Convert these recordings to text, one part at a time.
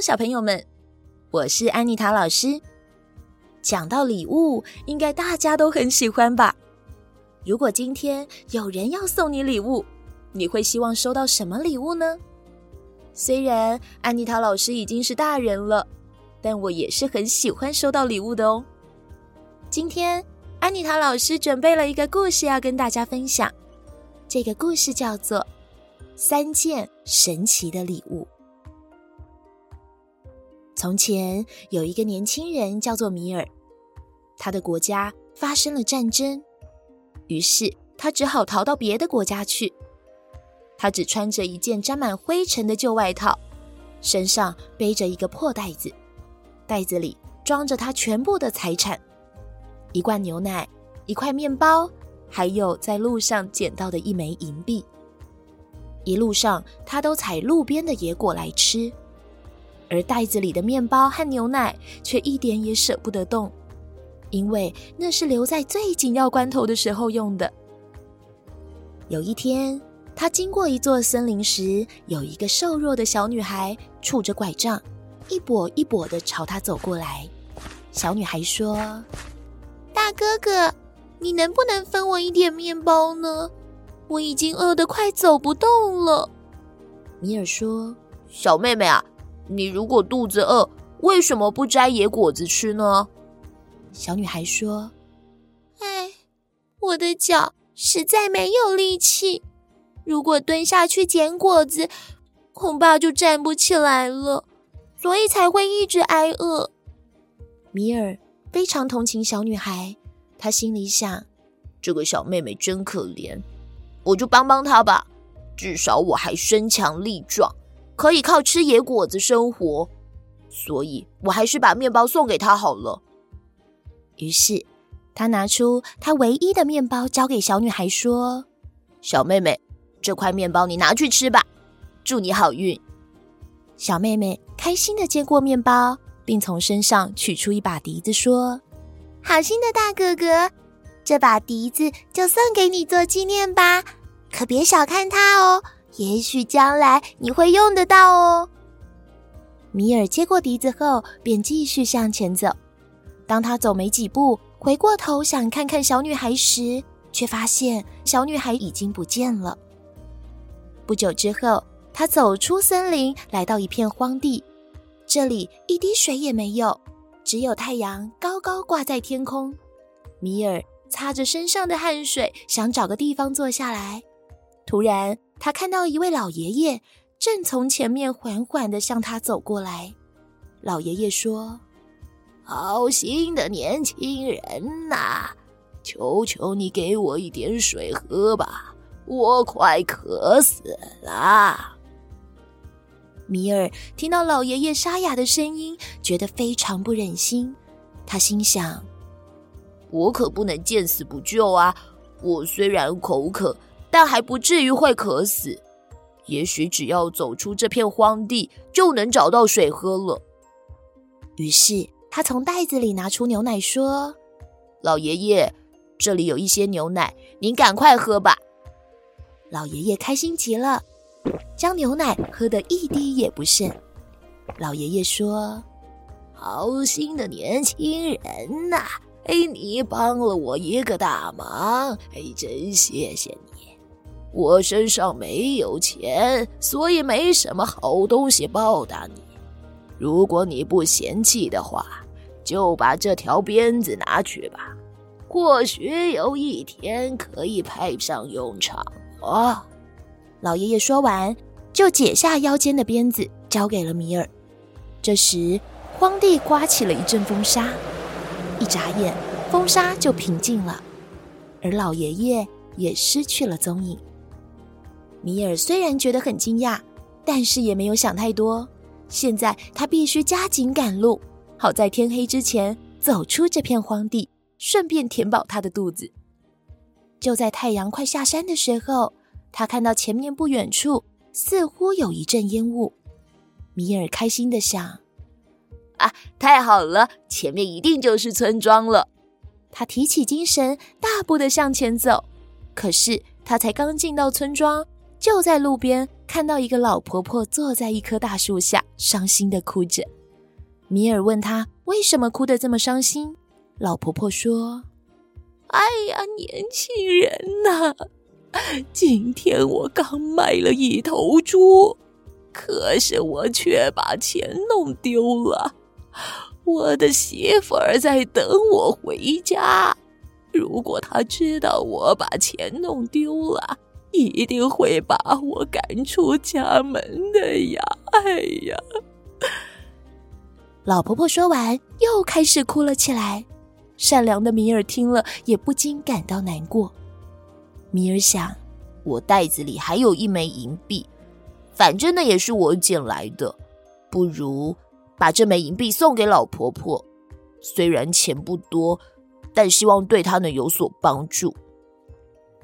小朋友們，我是安妮塔老師。講到禮物，應該大家都很喜歡吧？如果今天有人要送你禮物，你會希望收到什麼禮物呢？雖然安妮塔老師已經是大人了，但我也是很喜歡收到禮物的哦。今天安妮塔老師準備了一個故事要跟大家分享，這個故事叫做《三件神奇的禮物》。從前有一個年輕人叫做米爾，他的國家發生了戰爭，於是他只好逃到別的國家去。他只穿着一件沾滿灰塵的舊外套，身上背着一個破袋子，袋子裡裝着他全部的財產：一罐牛奶、一塊麵包，還有在路上撿到的一枚銀幣。一路上，他都採路邊的野果來吃。而袋子裡的麵包和牛奶卻一點也捨不得動，因為那是留在最緊要關頭的時候用的。有一天，他經過一座森林時，有一個瘦弱的小女孩拄着拐杖，一跛一跛的朝他走過來。小女孩說：“大哥哥，你能不能分我一點麵包呢？我已經餓得快走不動了。”米爾說：“小妹妹啊。”你如果肚子餓，為什麼不摘野果子吃呢？小女孩說：“唉，我的腳實在沒有力氣，如果蹲下去撿果子，恐怕就站不起來了，所以才會一直挨餓。”米爾非常同情小女孩，她心裡想：“這個小妹妹真可憐，我就幫幫她吧，至少我還身強力壯。”可以靠吃野果子生活，所以我還是把麵包送給他好了。於是，他拿出他唯一的麵包，交給小女孩說：“小妹妹，這塊麵包你拿去吃吧，祝你好運。”小妹妹開心的接過麵包，並從身上取出一把笛子說：“好心的大哥哥，這把笛子就送給你做紀念吧，可別小看它哦。”也許將來你會用得到哦。米爾接過笛子後，便繼續向前走。當他走沒幾步，回過頭想看看小女孩時，卻發現小女孩已經不見了。不久之後，他走出森林，來到一片荒地，這裡一滴水也沒有，只有太陽高高掛在天空。米爾擦着身上的汗水，想找個地方坐下來。突然，他看到一位老爺爺正從前面緩緩地向他走過來。老爺爺說：“好心的年輕人吶、啊，求求你給我一點水喝吧，我快渴死了。”米爾聽到老爺爺沙啞的聲音，覺得非常不忍心。他心想：“我可不能見死不救啊！我雖然口渴。”但還不至於會渴死，也許只要走出這片荒地，就能找到水喝了。於是他從袋子裡拿出牛奶，說：“老爺爺，這裡有一些牛奶，您趕快喝吧。”老爺爺開心極了，將牛奶喝得一滴也不剩。老爺爺說：“好心的年輕人吶，啊，哎，你幫了我一個大忙，哎，真謝謝你。”我身上沒有錢，所以沒什麼好東西報答你。如果你不嫌棄的話，就把這條鞭子拿去吧，或許有一天可以派上用場啊！哦。老爺爺說完，就解下腰間的鞭子交給了米爾。這時，荒地颳起了一陣風沙，一眨眼，風沙就平靜了，而老爺爺也失去了蹤影。米爾雖然覺得很驚訝，但是也沒有想太多。現在他必須加緊趕路，好在天黑之前走出這片荒地，順便填飽他的肚子。就在太陽快下山的時候，他看到前面不遠處似乎有一陣煙霧。米爾開心的想：“啊，太好了，前面一定就是村莊了！”他提起精神，大步的向前走。可是他才剛進到村莊，就在路邊看到一個老婆婆坐在一棵大樹下，傷心地哭着。米爾問她為什麼哭得這麼傷心，老婆婆說：“哎呀，年輕人吶、啊，今天我剛賣了一頭豬，可是我卻把錢弄丟了。我的媳婦兒在等我回家，如果她知道我把錢弄丟了……”一定會把我趕出家門的呀！哎呀，老婆婆說完，又開始哭了起來。善良的米爾聽了，也不禁感到難過。米爾想，我袋子裡還有一枚銀幣，反正那也是我撿來的，不如把這枚銀幣送給老婆婆。雖然錢不多，但希望對她能有所幫助。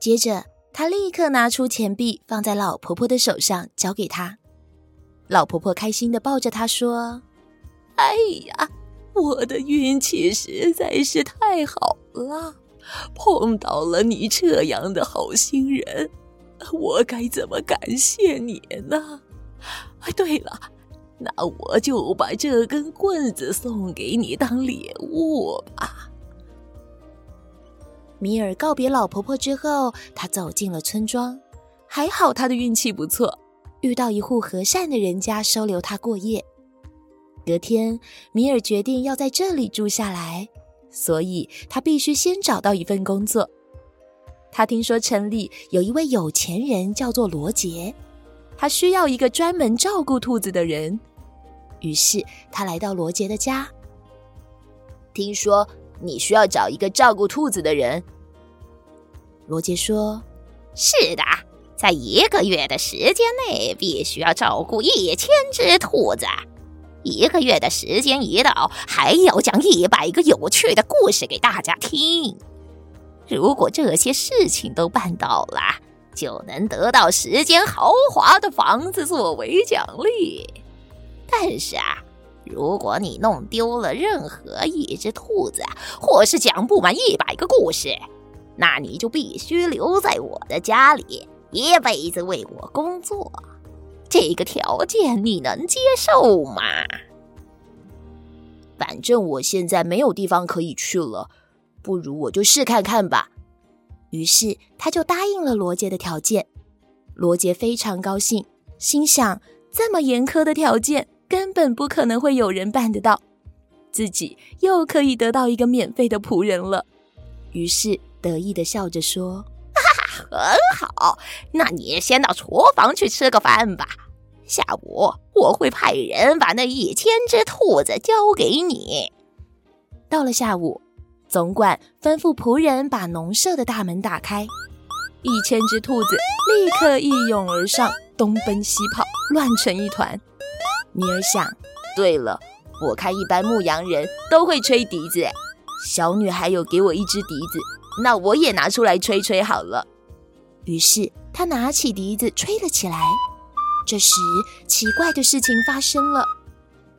接着。他立刻拿出錢幣，放在老婆婆的手上，交給她。老婆婆開心地抱着他說：“哎呀，我的運氣實在是太好了，碰到了你這樣的好心人，我該怎麼感謝你呢？對了，那我就把這根棍子送給你當禮物吧。”米爾告別老婆婆之後，他走進了村莊。還好他的運氣不錯，遇到一戶和善的人家收留他過夜。隔天，米爾決定要在這裡住下來，所以他必須先找到一份工作。他聽說城裡有一位有錢人叫做羅傑，他需要一個專門照顧兔子的人。於是他來到羅傑的家。聽說。你需要找一個照顧兔子的人。羅傑說：“是的，在一個月的時間內，必須要照顧一千只兔子。一個月的時間一到，還要講一百個有趣的故事給大家聽。如果這些事情都辦到了，就能得到十間豪華的房子作為獎勵。但是啊……”如果你弄丟了任何一隻兔子，或是講不滿一百個故事，那你就必須留在我的家裡，一輩子為我工作。這個條件你能接受嗎？反正我現在沒有地方可以去了，不如我就試看看吧。於是他就答應了羅傑的條件。羅傑非常高興，心想：這麼嚴苛的條件。根本不可能會有人辦得到，自己又可以得到一個免費的僕人了。於是得意的笑着說：“哈哈哈，很好，那你先到廚房去吃個飯吧。下午我會派人把那一千隻兔子交給你。”到了下午，總管吩咐僕人把農舍的大門打開，一千隻兔子立刻一擁而上，東奔西跑，亂成一團。尼爾想，對了，我看一般牧羊人都會吹笛子。小女孩有給我一支笛子，那我也拿出來吹吹好了。於是他拿起笛子吹了起來。這時，奇怪的事情發生了：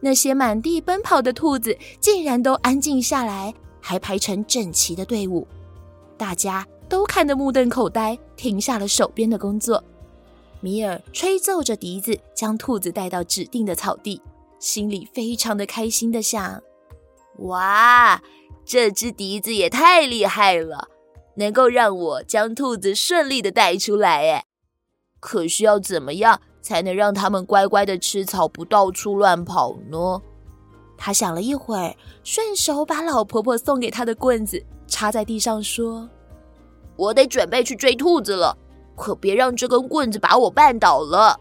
那些滿地奔跑的兔子竟然都安靜下來，還排成整齊的隊伍。大家都看得目瞪口呆，停下了手邊的工作。米爾吹奏着笛子，將兔子帶到指定的草地，心裡非常的開心的想：“哇，這只笛子也太厲害了，能夠讓我將兔子順利的帶出來。”哎，可是要怎麼樣才能讓他們乖乖的吃草，不到處亂跑呢？他想了一會兒，順手把老婆婆送給他的棍子插在地上，說：“我得準備去追兔子了。”可別讓這根棍子把我絆倒了。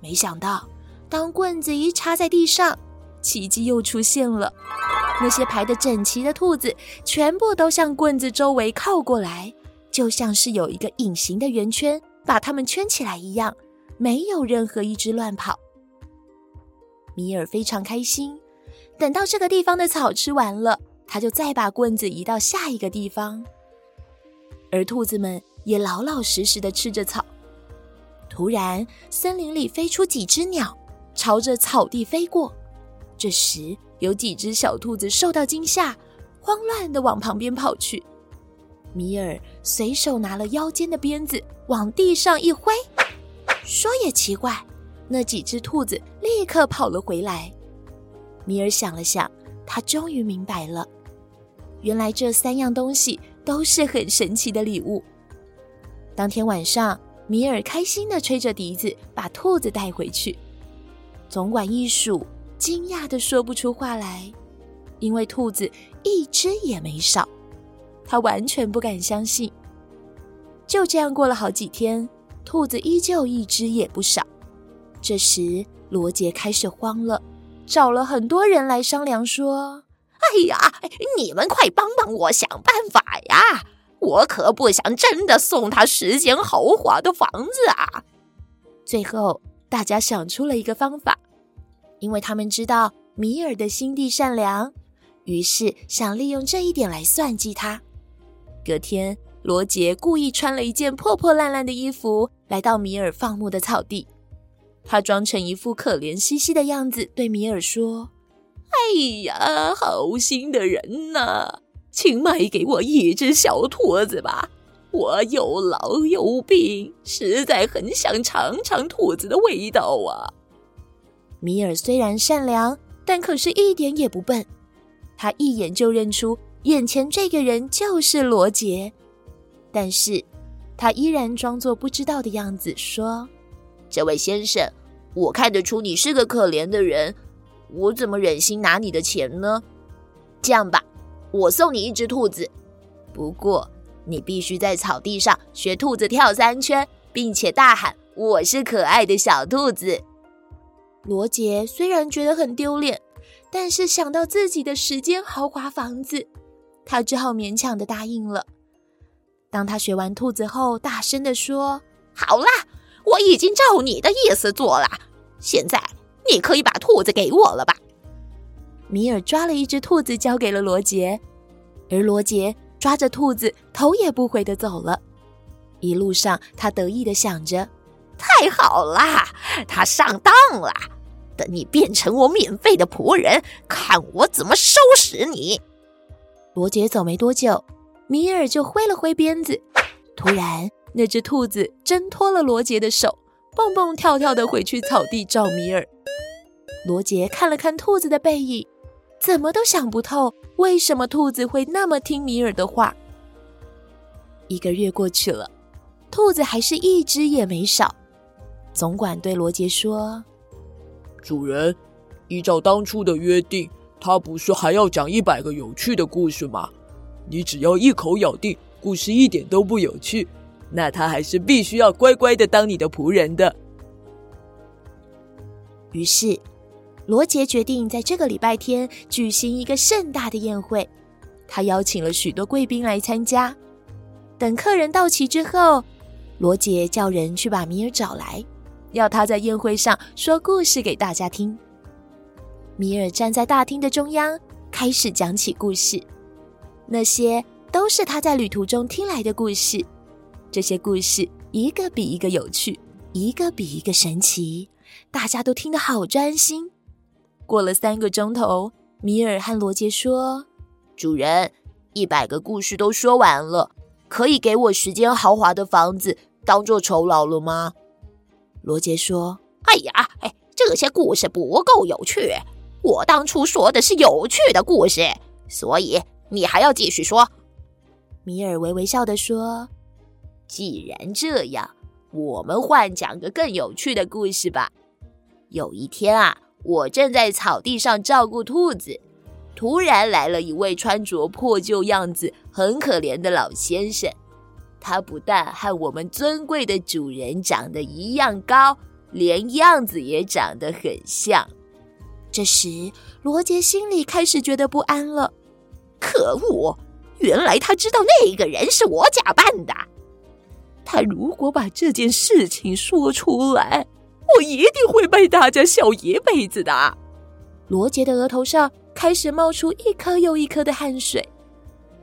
沒想到，當棍子一插在地上，奇蹟又出現了。那些排得整齊的兔子全部都向棍子周圍靠過來，就像是有一個隱形的圓圈把它們圈起來一樣，沒有任何一隻亂跑。米爾非常開心，等到這個地方的草吃完了，他就再把棍子移到下一個地方。而兔子們。也老老實實的吃着草。突然，森林裡飛出幾隻鳥，朝着草地飛過。這時，有幾隻小兔子受到驚嚇，慌亂的往旁邊跑去。米爾隨手拿了腰間的鞭子，往地上一揮。說也奇怪，那幾隻兔子立刻跑了回來。米爾想了想，他終於明白了，原來這三樣東西都是很神奇的禮物。當天晚上，米爾開心地吹着笛子，把兔子帶回去。總管一數，驚訝地說不出話來，因為兔子一隻也沒少。他完全不敢相信。就這樣過了好幾天，兔子依舊一隻也不少。這時，羅傑開始慌了，找了很多人來商量，說：“哎呀，你們快幫幫我想辦法呀！”我可不想真的送他十間豪華的房子啊！最後，大家想出了一個方法，因為他們知道米爾的心地善良，於是想利用這一點來算計他。隔天，羅傑故意穿了一件破破爛爛的衣服，來到米爾放牧的草地。他裝成一副可憐兮兮的樣子，對米爾說：“哎呀，好心的人吶啊！”請賣給我一隻小兔子吧！我又老又病，實在很想嚐嚐兔子的味道啊。米爾雖然善良，但可是一點也不笨。他一眼就認出眼前這個人就是羅傑，但是他依然裝作不知道的樣子說：“這位先生，我看得出你是個可憐的人，我怎麼忍心拿你的錢呢？這樣吧。”我送你一隻兔子，不過你必須在草地上學兔子跳三圈，並且大喊“我是可愛的小兔子”。羅傑雖然覺得很丟臉，但是想到自己的十間豪華房子，他只好勉強的答應了。當他學完兔子後，大聲的說：“好啦，我已經照你的意思做啦，現在你可以把兔子給我了吧。”米爾抓了一隻兔子，交給了羅傑，而羅傑抓着兔子，頭也不回的走了。一路上，他得意的想着：“太好啦，他上當啦，等你變成我免費的僕人，看我怎麼收拾你。”羅傑走沒多久，米爾就揮了揮鞭子。突然，那隻兔子掙脫了羅傑的手，蹦蹦跳跳的回去草地找米爾。羅傑看了看兔子的背影。怎麼都想不透，為什麼兔子會那麼聽米爾的話？一個月過去了，兔子還是一只也沒少。總管對羅傑說：“主人，依照當初的約定，他不是還要講一百個有趣的故事嗎？你只要一口咬定，故事一點都不有趣，那他還是必須要乖乖的當你的僕人的。”於是。羅傑決定在這個禮拜天舉行一個盛大的宴會，他邀請了許多貴賓來參加。等客人到齊之後，羅傑叫人去把米爾找來，要他在宴會上說故事給大家聽。米爾站在大廳的中央，開始講起故事。那些都是他在旅途中聽來的故事，這些故事一個比一個有趣，一個比一個神奇，大家都聽得好專心。過了三個鐘頭，米爾和羅傑說：“主人，一百個故事都說完了，可以給我十間豪華的房子當做酬勞了嗎？”羅傑說：“哎呀，哎，這些故事不夠有趣，我當初說的是有趣的故事，所以你還要繼續說。”米爾微微笑地說：“既然這樣，我們換講個更有趣的故事吧。”有一天啊。我正在草地上照顧兔子，突然來了一位穿着破舊、樣子很可憐的老先生。他不但和我們尊貴的主人長得一樣高，連樣子也長得很像。這時，羅傑心裡開始覺得不安了。可惡！原來他知道那個人是我假扮的。他如果把這件事情說出來……我一定會被大家笑一輩子的。羅傑的額頭上開始冒出一顆又一顆的汗水，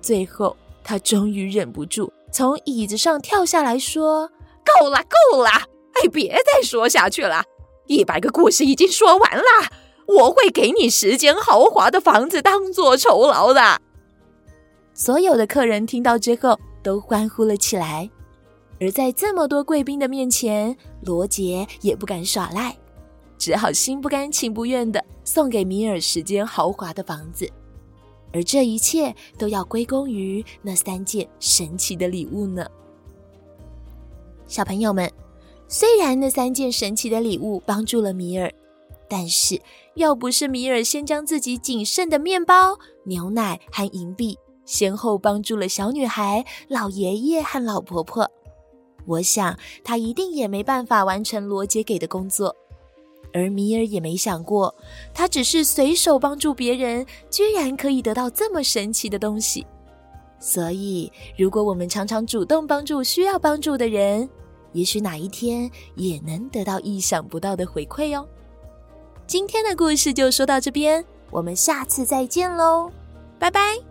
最後他終於忍不住從椅子上跳下來說：“夠了，夠了，哎，別再說下去了！一百個故事已經說完了，我會給你十間豪華的房子當做酬勞的。”所有的客人聽到之後都歡呼了起來，而在這麼多貴賓的面前。羅傑也不敢耍賴，只好心不甘情不願的，送給米爾十間豪華的房子，而這一切都要歸功於那三件神奇的禮物呢。小朋友們，雖然那三件神奇的禮物幫助了米爾，但是要不是米爾先將自己僅剩的麵包、牛奶和銀幣先後幫助了小女孩、老爺爺和老婆婆。我想他一定也沒辦法完成羅傑給的工作，而米爾也沒想過，他只是隨手幫助別人，居然可以得到這麼神奇的東西。所以，如果我們常常主動幫助需要幫助的人，也許哪一天也能得到意想不到的回饋哦。今天的故事就說到這邊，我們下次再見嘍，拜拜。